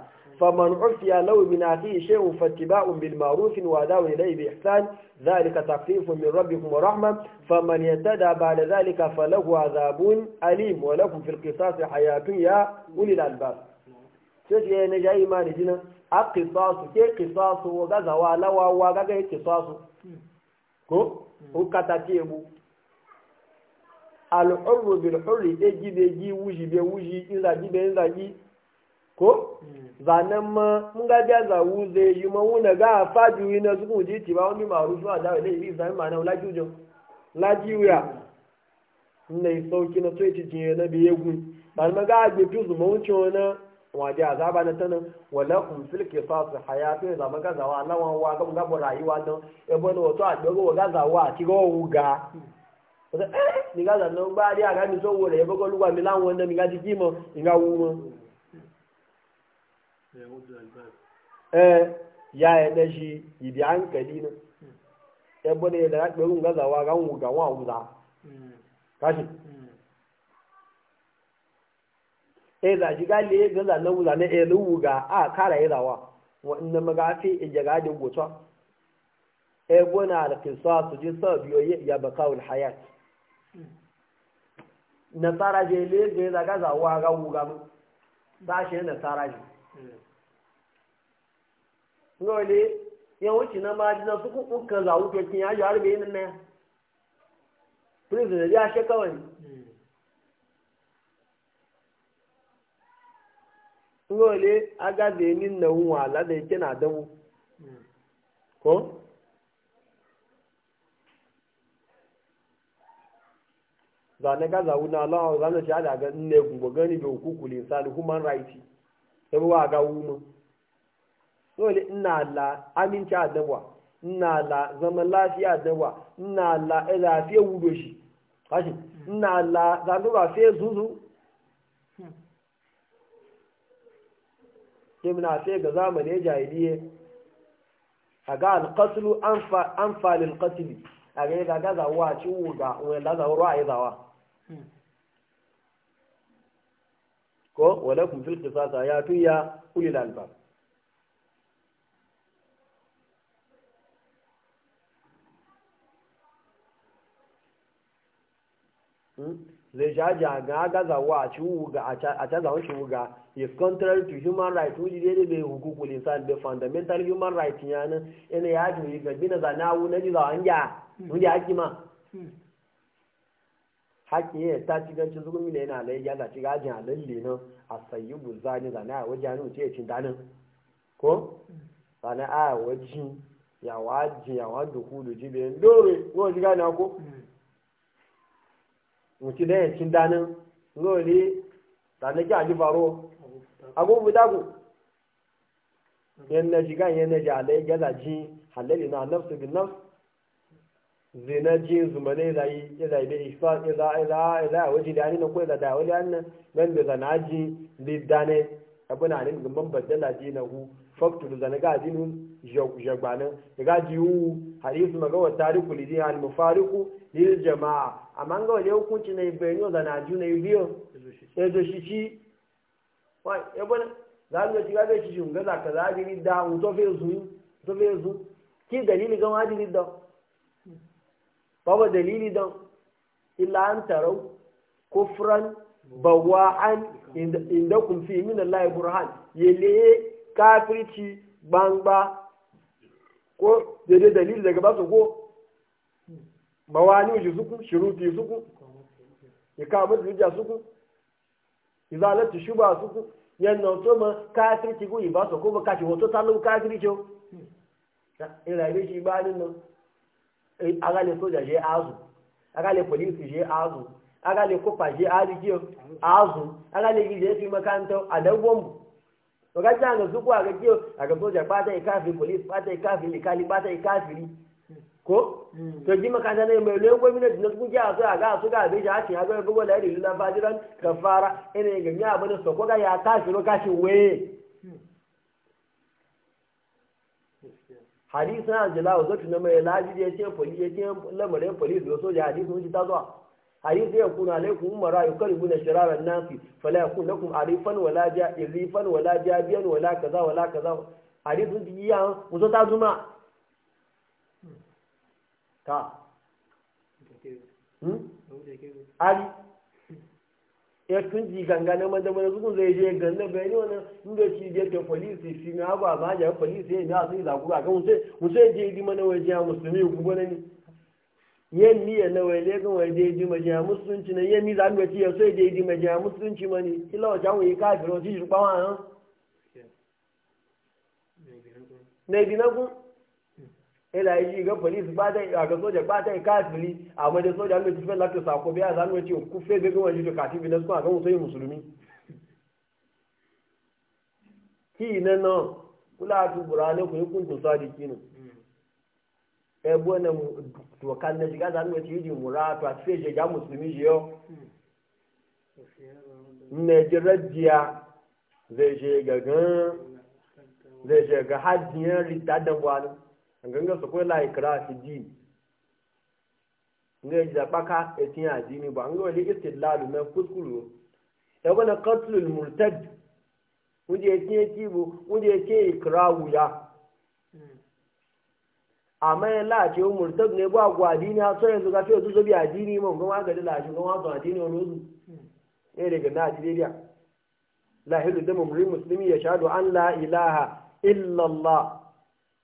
فمن عفي له من أخيه شيء فاتباع بالمعروف وأداء إليه بإحسان ذلك تخفيف من ربكم ورحمة فمن يتدى بعد ذلك فله عذاب أليم ولكم في القصاص حياة يا أولي الألباب. شو يعني جاي ما نجينا؟ a kisasu ke kisasu ga zawa lawawa ga ga kisasu ko hukata hmm. ce mu al'urru bil hurri e gibe gi wuji be wuji inzagi be inzagi ko hmm. zanen ma mun ga ja za wuze yi ma wuna ga faju yi na zuku ji ti ba wani marufu a dawo ne yi zai ma na laji ujo laji uya ne sauki na so ti jiye na biye gun ba ma ga agbe tuzu ma wuce wani waje azaba na tanin wala kun um filke fasu hayatu ya zama gazawa lawan wa ga gabo rayuwa don ebo na wato a dogo wa gazawa a kiga wa wuga wata eh ni gaza nan ba dai a gani so wore ebo ko lugwa mi lawon na mi gaji kimo in ga wumo eh ya ya da shi idi hankali ne ebo ne da ya dogo gazawa ga wuga wa wu wuza hmm. kashi hmm. e za shi gali ya gaza na wuza na elu wuga a kara ya zawa wanda magafi ijaga da gutsa egona gona da kisa su ji sa biyo ya baka wal hayat nasara je le ga za gaza wa ga wuga mu ba shi nasara je ngole yan wuce na ma na su ku kuka za wuce ya ji harbe yin nan prison ya shekawa ngole aga da yi na nwa ala da yake na dawo ko zane ka zawu na ala zane shi ada ga nne gungo gani da hukuku linsani human rights yabi wa ga wuno ngole ina la aminci dawa ina la zaman lafiya dawa ina la lafiya wudo shi kashi ina la zanuba fe zuzu sai sai ga zamanin jahiliye a ga alƙasulu an falin ƙasili a ga zawa gazawa a ciwo ga wani lazawa ruwa hmm. ya zawa ko wale kun fil kisasa ya tuya kulil alba Hmm? zai a ga gazawa a ci wuga a caza wuce wuga is contrary to human rights wuji dai bai hukuku lisan da fundamental human rights ya nan ina ya ji yi gabi na zana wu na ji zawon ya hmm. wuji haki ma hmm. haki ya ta ci ganci zugumi da yana lai ya zaci gajin a lalle nan a sayi buzani zana a wajen hannun ce cin danin ko hmm. zana a wajen yawa jin hudu dukulu jibe dore ko shiga na ko mutu da yankin danin lori ranaki a jibaro agogo dago yan na shiga yan na ji alayi gaza ji halali na nafsu bin nafsu zina ji zuma ne zai ya zai da isa iza, iza, iza a waje da anina ko ya da wani annan nan da zana ji abu na ne gumban badala ji na hu faktu zana ga jinun jagbanan ga ji hu hadisu magawa tariku lidi al mufariku lil jama'a amma ga wale hukunci na ibrahim da na juna biyo ya zo shi ci ya bana za mu ci gaga shi shi ga za ka za ni da mu to fe zu to fe zu ki dalili ga ma ji da baba dalili da illa an tarau kufran bawa'an inda kun fi min Allah burhan yele kafirci gbangba ko dede dalili daga ba su ko mawani suku shuruti suku ikamatu hujja suku izalatu shuba suku yanna to ma kafirci ku ba so ko ba kashi hoto talu kafirci o ila ile shi ba nan e, aga le soja je azu aga le polisi je azu aga le kopa je ariki o azu aga le gije fi makanto adawon Ọ̀gájá àgbà ko hmm. to ji da ne mai leon gwamnati na suke a su a ga su ga be ja ti aga be da irin na fajiran kafara ene ga nya abin so su ga ya shi ro kashi hmm. hadisi na ajila wa zotu na mai laji ya ce poli ya ce lamarin so ja soja mun ji ta zuwa hadisi ya kuna alaikum umara ya karibu na shirarar nasi fala ya kun lakum arifan wala ja irifan wala jabiyan wala kaza wala kaza hadisun ji yi mun musu ta zuma ta hmm? ali ya tun ji ganga na maza mana zukun zai je ganga bai ne wani inda ci je ke polisi fi mi abu a maja polisi ya ne a yi zaku kan wuce je di mana waje a musulmi gugu na ni yan mi ya na wale kan waje di maje a musulunci na yan mi za mu ci ya so je di maje a musulunci ma ni kila wace an wuyi kafin wasu shi kwawa nan. Na ibi na kun. ila yi ga police ba dai ga soja ba dai kafiri amma da soja ne tafi lafiya sako biya za mu ce ku fe ga wani to kafiri ga musulmi musulmi ki nan no kula tu burane ku kun to sadiki ne e bona to kan ne ga za mu ce yi mura to a fe ga musulmi je yo ne jiradiya zai je ga gan zai je ga hajjiyar rita wani ganga su kwai layi kira fi din ne da baka ya tin addini ba an ga wani istidlalu na kuskuru ya bana qatlul murtad wanda ya ce kibo wanda ya ce ikrawu ya amma ya lace murtad ne ba gwa addini a so yanzu ga fiye zuzo bi addini ma kuma ga da lashi kuma su addini wani e ne daga na ajiriya lahiru da mumrin musulmi ya an la ilaha illallah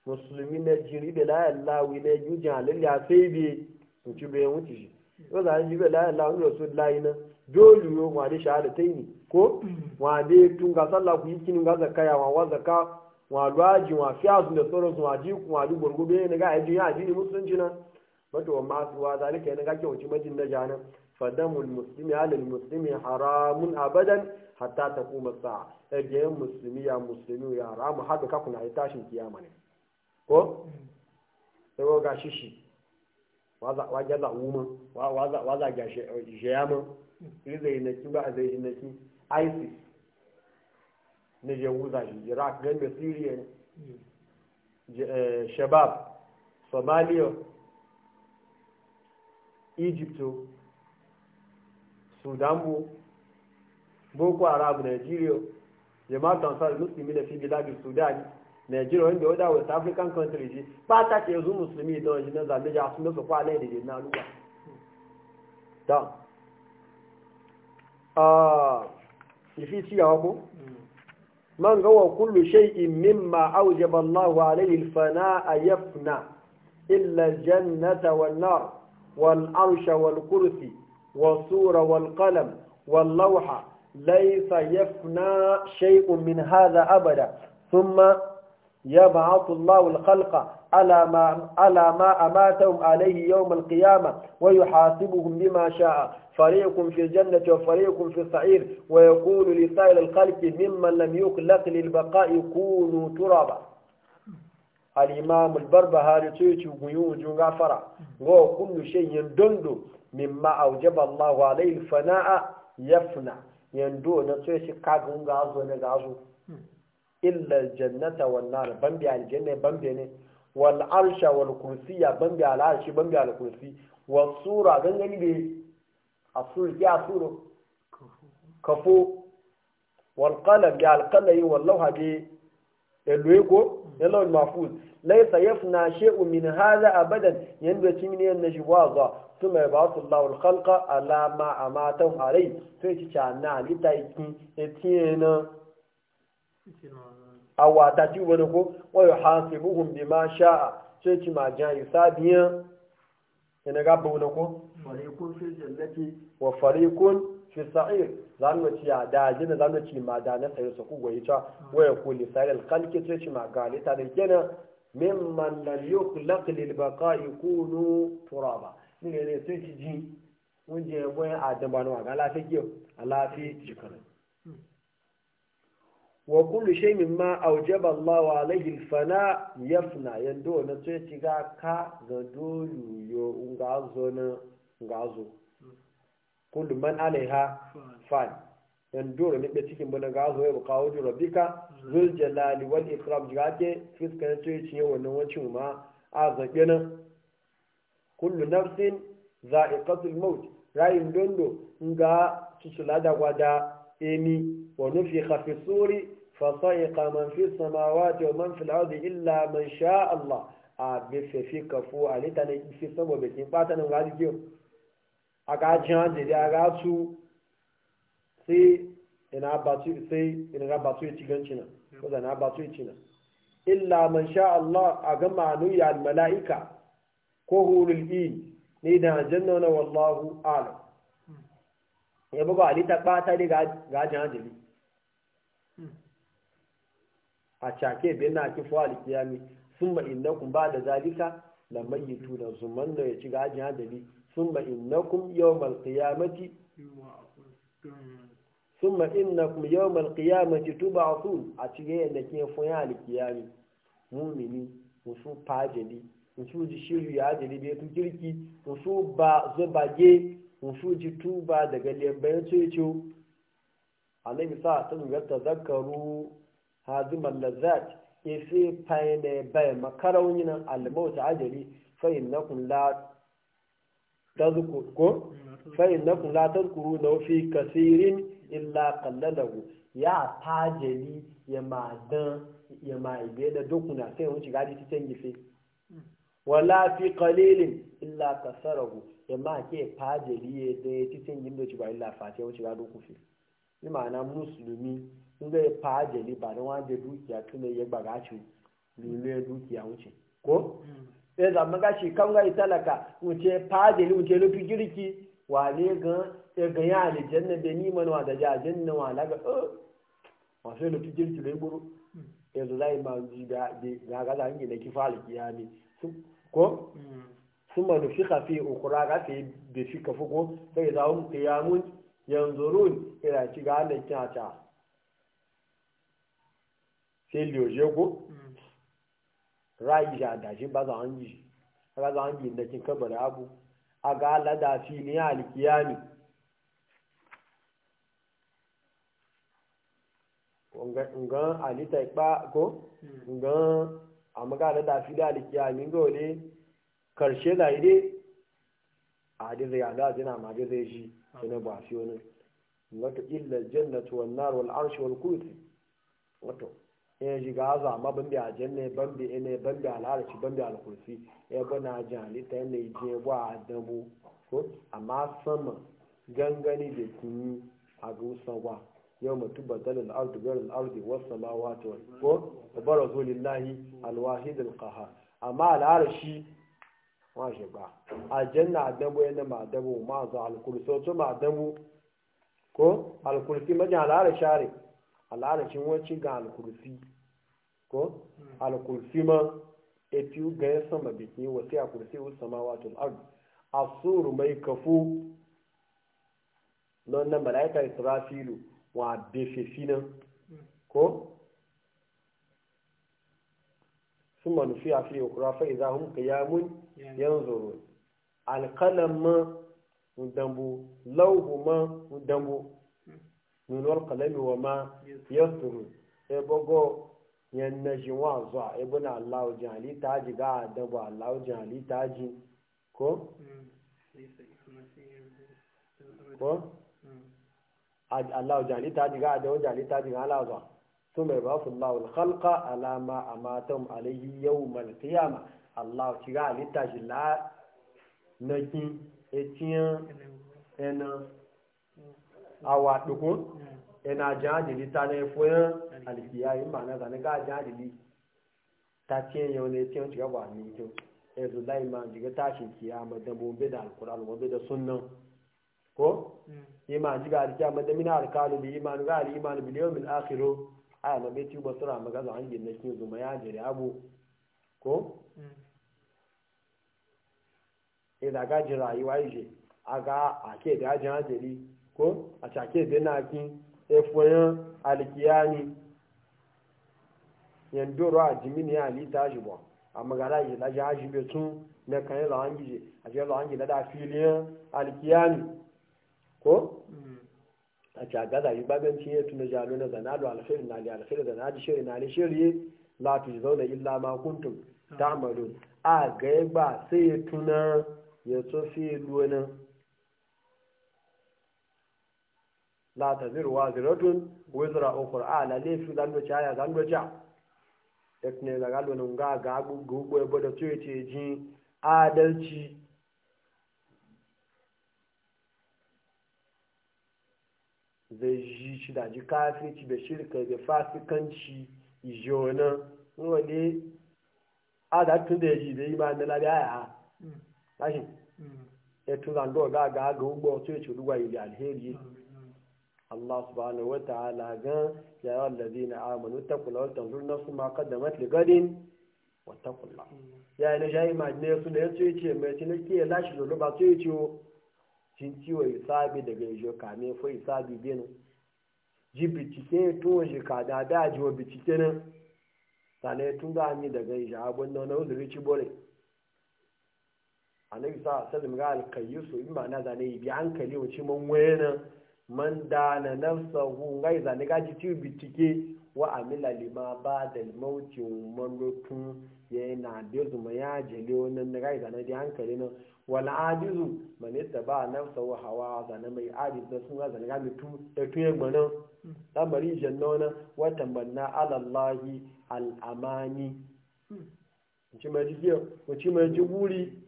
musulmi na jiri da layar lawi na yujin halayya sai bi su ci bayan wuce shi yau da hanji bai layar lawi da su layi na dole yau wani shahada ta yi ko wani tun ga sallah ku yi kinin ga zaka ya wa zaka wa lwaji wa fiyasu da tsoron su waji waji gurgube ne ga aji e ya aji ne musulunci na bata wa masu wa zalika yana gake wuce majin na jana fadamul muslimi alal muslimi haramun abadan hatta ta kuma sa'a ɗabiyan e musulmi ya musulmi ya haramu haka kakuna ya tashin kiyama ne ko sai ga shishi wa ja za wuma wa za ga shayama rizai na ki ba a zai na ki isis na jehuza shi iraq ganda syria eh, shabab somalia egypto sudanmu boko haram nigeria jama'atan sa musulmi da fi biladin sudani Nigeria wanda wadda West African countries shi ba ta ke yanzu musulmi da wani na zaɓe ya su nufa kwale da ke na lura. Ta. Ifi ciyawa ko? Man gawa kullu shay'in mimma aujaba Allahu alayhi al-fana'a yafna illa al-jannata wan-nar wal-arsha wal-kursi was-sura wal-qalam wal-lawha laysa yafna shay'un min hadha abada ثم ya ba'atu Allah al-khalqa ala ma ala ma amatahum alayhi yawm al-qiyamah wa yuhasibuhum bima sha'a fariqun fi jannati wa fariqun fi sa'ir wa yaqulu li sa'il al-khalq mimman lam yukhlaq lil baqa'i kunu turaba al al-barbahari tuyuchu guyun junga fara go kullu shay'in dundu mimma awjaba Allah alayhi al-fana'a yafna yandu na tuyuchu kagunga azu na gazu illa jannata wan nar ban bi aljanna ban bi ne wal arsha wal ya ban bi al arshi ban bi al kursi was sura gani be asur ya suru kafu wal qalam ya al qalam wal lawha bi eluego elo mafuz laysa yafna shay'un min hadha abadan yanda cimin yan najwaza thumma yab'athu Allahu al-khalqa ala ma amatu alayhi sai ci cha na litaiki etiena awa ta ci wani ko wayo hasibuhum bima sha'a sai ci ma jan isabiyan ina ga bauna ko fariqun fi jannati wa fariqun fi sa'ir zan wace ya da Za zan ci ma da na sai su ku goyi ta waya ko li sa'il khalqi sai ci ma gali ta da kenan mimman lam yuqlaq lil baqa'i kunu turaba ni ne sai ci ji mun je ba na wa ga lafiya lafiya jikana wa kullu shay ma awjaba Allah alayhi al-fana yafna yando na to ya ga ka ga dolu yo nga zo na nga zo kullu man alaiha fan yando ne be cikin bana ga zo ya kawo wajen rabbika zul jalali wal ikram jigake fiska to ya ce wannan wancin ma a zabe nan kullu nafsin za'iqatul maut rayin dondo nga su gwada eni wa nufi khafisuri فصيق من في السماوات ومن في الأرض إلا من شاء الله أبس في كفو علي تاني في السماء بكين باتنا مغادي كيو أكا جان دي أكا سو سي إن أباتو سي إن أباتو يتغن چنا وزا إن أباتو يتغن إلا من شاء الله أجمع نويا الملائكة كهول الإيل نيدا جنة والله أعلم يا يبقى علي تباتا دي غاجان دي a cake bai na ki fuwa alkiyami sun ba kun ba da zalika la mayyitu da zuman da ya ci gajin hadari sun ba innakun yawmal qiyamati sun ba innakun tu ba su a cikin yadda ke fuwa alkiyami mumini musu fajali musu ji shiru ya ajali bai tu kirki musu ba zubage musu ji tuba daga lembayin a nan sa ta zuga zakaru. haziman lazzat ya fi fayyana bayan makaraunin almauta ajali fayin na kula ta zuko fayin na kula ta zukuru na fi kasirin illa kallalahu ya tajali ya ma dan ya ma ibe da dukuna sai wuce gadi ta can gife wala fi kalilin illa kasarahu ya ma ke tajali ya da ta can gindo ci ba illa fatiha wuce gadi ku fi ni ma'ana musulmi nga ya fa jali ba na wanda dukiya tuna ya baga hmm. shi lule dukiya wuce ko ya zama ga oh! shi kan hmm. e ga talaka wuce fa jali wuce lufi girki wa wale gan ya ga ya aljanna da ni man wa da jajanna wa la ga eh wa sai lufi girki dai buru ya zo lai ma ji gaza ga ga zan gina kifali kiyami ko sun hmm. suma nufi kafi ukura ga sai da shi kafu ko sai e za mu kiyamun e yanzurun ila ci ga Allah ta sai liyoje ko rayi ja da shi ba za an yi ba za an yi da kin kabar abu a ga alada da fi ni alkiyami ngan alita ipa ko mm. ngan amaga alada da fi da alkiyami gole karshe da ide a da zai ga zina ma da zai shi ah. ina ba fi wani wato illa jannatu wan nar wal arsh wal kursi wato ya shiga azu amma ban da ajiyar ne ban da ne ban da al'arashi ban da alkursi ya bana jali ta yana yi je ba a damu ko amma sama gangani da kuni a gusa ba yau mutu badal al'ardu gar al'ardu wasu samawa ta wani ko da bara zulillahi alwahid alkaha amma al'arashi ma shi ba ajiyar na damu yana ma damu ma za alkursi wato ma dabo ko alkursi majan al'arashi al'adacin wacce ga alkursi ko hmm. alkursi ma etu ga ya sama biki wasu ya kursi wasu sama wato al'ad asuru mai kafu don nan mala'ika israfilu wa befefi nan hmm. ko sun manufi a fiye kura fa iza hun kiyamun yanzu alkalan ma dambu lauhu ma dambu nunar kalami wa ma yasturu sai bago yan na shi wa zuwa ibn allahu jihali ta ji ga adabu allahu jihali ta ji ko ko allahu jihali ta ji ga adabu jihali ta ji ga allahu zuwa sun mai ba su allahu halka alama a matan alayhi yau malkiyama allahu ci ga halitta shi la na kin etiyan ẹna awa dukun yana jihadili ta na efu ya alikiya yin ba na zane ga jihadili ta na yau ne ce wanci gaba ezu kyau ya zo lai ma hmm. jiga tashin kiyama da bombe da alkural mbe da sunnan ko iman jiga alkiyama da mina alkalu bi iman ga al'iman bi yawmin akhiru aya na beti ba sura maga zo an na kin zuma ya jere abu ko hmm. e da gaji rayuwa yije aga ake da jihadili ko a take da na kin efoyan alkiyani yandoro a jimini ya lita shi ba a magana yi laji haji bai tun na kan yi lawan gije a ce lawan gije da filiyan alkiyani ko a cagaza yi babanci ya tuna jalo na zanalo alfiri na li alfiri zana na ji shiri na li shiri la tu zauna illa ma kuntum ah. ta amalu a ga ba sai ya tuna ya tsofi luwanin la ta ziru wa ziratun wizra ukhra ala le su dan do chaya dan do cha ekne la galo nun ga ga gu gu bo bo da tuye ce ji adalci zai ji shi da ji kafirci da shirka da fasikanci ijona wani adatun da ji bai ma na labi aya tashi ya tuzan do ga ga ga ugbo tuye ce olugwa ili alheri Allah subhanahu wa ta'ala ga ya yi wallazi na amanu takula wata zurna su ma kaddamat ligadin wata kula mm. ya yi na sha ma ne su da ya ce ce mai cin ke lashe lulu ba su yi ciwo cin ciwo sabi daga shi kame yi sabi bin ji bincike tun waje ka da da ji wa bincike nan sane tun ga ni daga shi abin da wani uzuri ci bore yi sa sadin ga su in ma na zane bi hankali wa ci mun waye nan man dana hu ngai zane ka ci bitike wa amila lima ba da mauti man rutun yana da zuma ya jele wannan da gai na da hankali nan wal adizu man nafsa hu hawa zane mai adiz da sun zane ga mutu da tuye gbanan lamari jannona wa tambanna ala allahi al amani hmm. ci mai ji ci mai ji wuri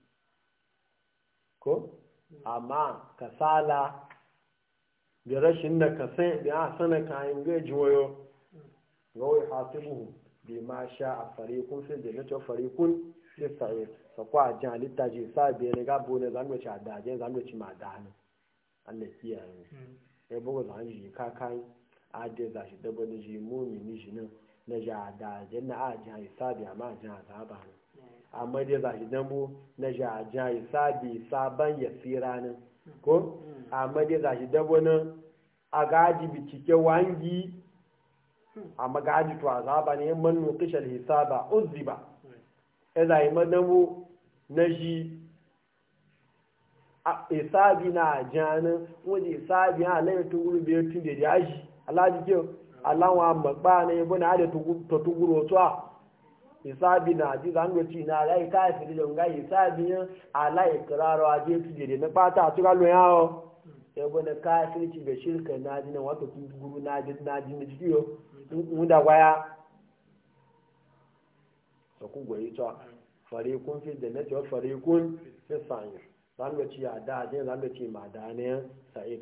ko amma kasala da rashin na kasan da a sana kayan gaji wayo ga wai hasibuhu bi ma sha a farikun fil na wa farikun fil sa'ir sa kwa jalita ji sa bi ne ga bone zan wuce a daje zan wuce ma da hannu Allah kiyaye hmm. mu sai bugu zan ji ka kai a da za shi da bane ji mumini ji nan na ja da janna a ji sa bi amma ja za ba ne amma dai za shi dambu na jajayi sabi saban ya fi ranar ko mm. amma dai za shi dambu na a gaji bicike wangi amma gaji to zaba ne man nukishal hisaba ba ya mm. za yi madamu na shi bi na janin wani isabi a layar tuguru biyar tun da ya shi alhaji kyau mm. alawa magba na yabo na adatu ta tuguru wasu a hisabi na ji zango ci na rai ka fi da nga hisabi ne ala kiraro, a je su jere na fata su ga loyawo ya na ka fi ci ga shirka na ji na wato ki guru na ji na ji na jiyo mu da waya so ku goyi to kun fi jannati wa fariqun fi sa'ir zango ci ya da je zango ci ma da ne sa'ir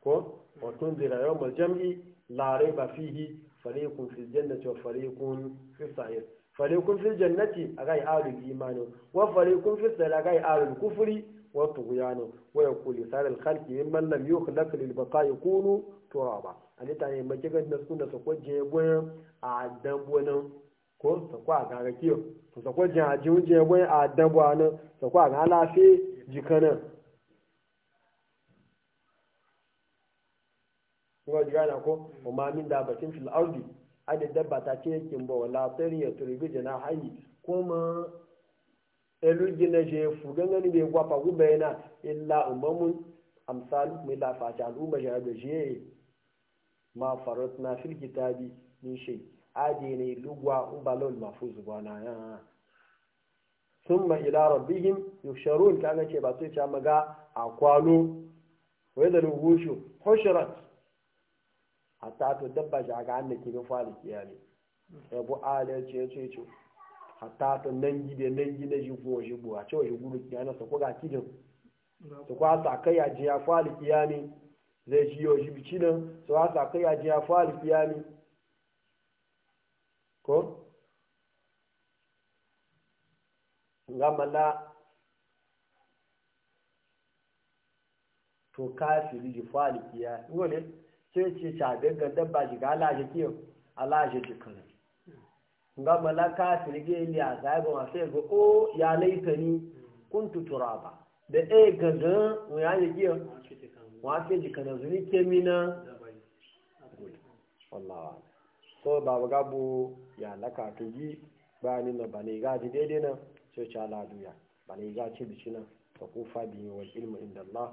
ko wa yau yawmal jam'i la rayba fihi kun fi jannati wa fariqun fi sa'ir fariqun fil jannati agai alul iman wa fariqun fis sari agai alul kufri wa tughyanu wa yaqulu sar al khalq mimman lam yukhlaq lil baqa yakunu turaba ani tane mace ga na sunna so ko je gwen a dan ko so ko ga ga kiyo so ko je a je je gwen a dan bonan so ko ga lafi jikana ko jikana ko o ma min da batin fil ardi ada dabba ta ce kin ba wala tariya turbi jana hayi kuma elu jina je fu gangani bai gwafa gube yana illa umamun amsalu mai lafata al'umma ya da je ma farat na fil kitabi ni shi ade ne lugwa umbalol mafuz bana ya summa ila rabbihim yusharun kaga ce ba sai ta maga akwalo wai da rubushu husharat hatta to dabba shi aka ke an da ke gafa da kiyami yabo ala ce ya ce ce hatta to nan gide nan gide shi ko shi buwa ce wa shi gudu kiyana sa ko ga kidin su kwa sa kai ya ji ya fali kiyami zai shi yau shi bici nan su kwa sa kai ya ji ya fali kiyami ko gama na to kafiri ji fali kiyami ne sai ce shabe ga dabba ga alashe kiyo alashe jikana ga malaka sirge iliya sahibin a sai ga o ya laita ni kuntu ba. da ɗaya e gaga wuya ne kiyo wafe jikana zuni ke mina wallawa so babu gabo ya laka ta yi bayanin na bane ga ji daidai na, sai ce ala duya bane ga ce bicina ta kufa biyu wa ilmu inda Allah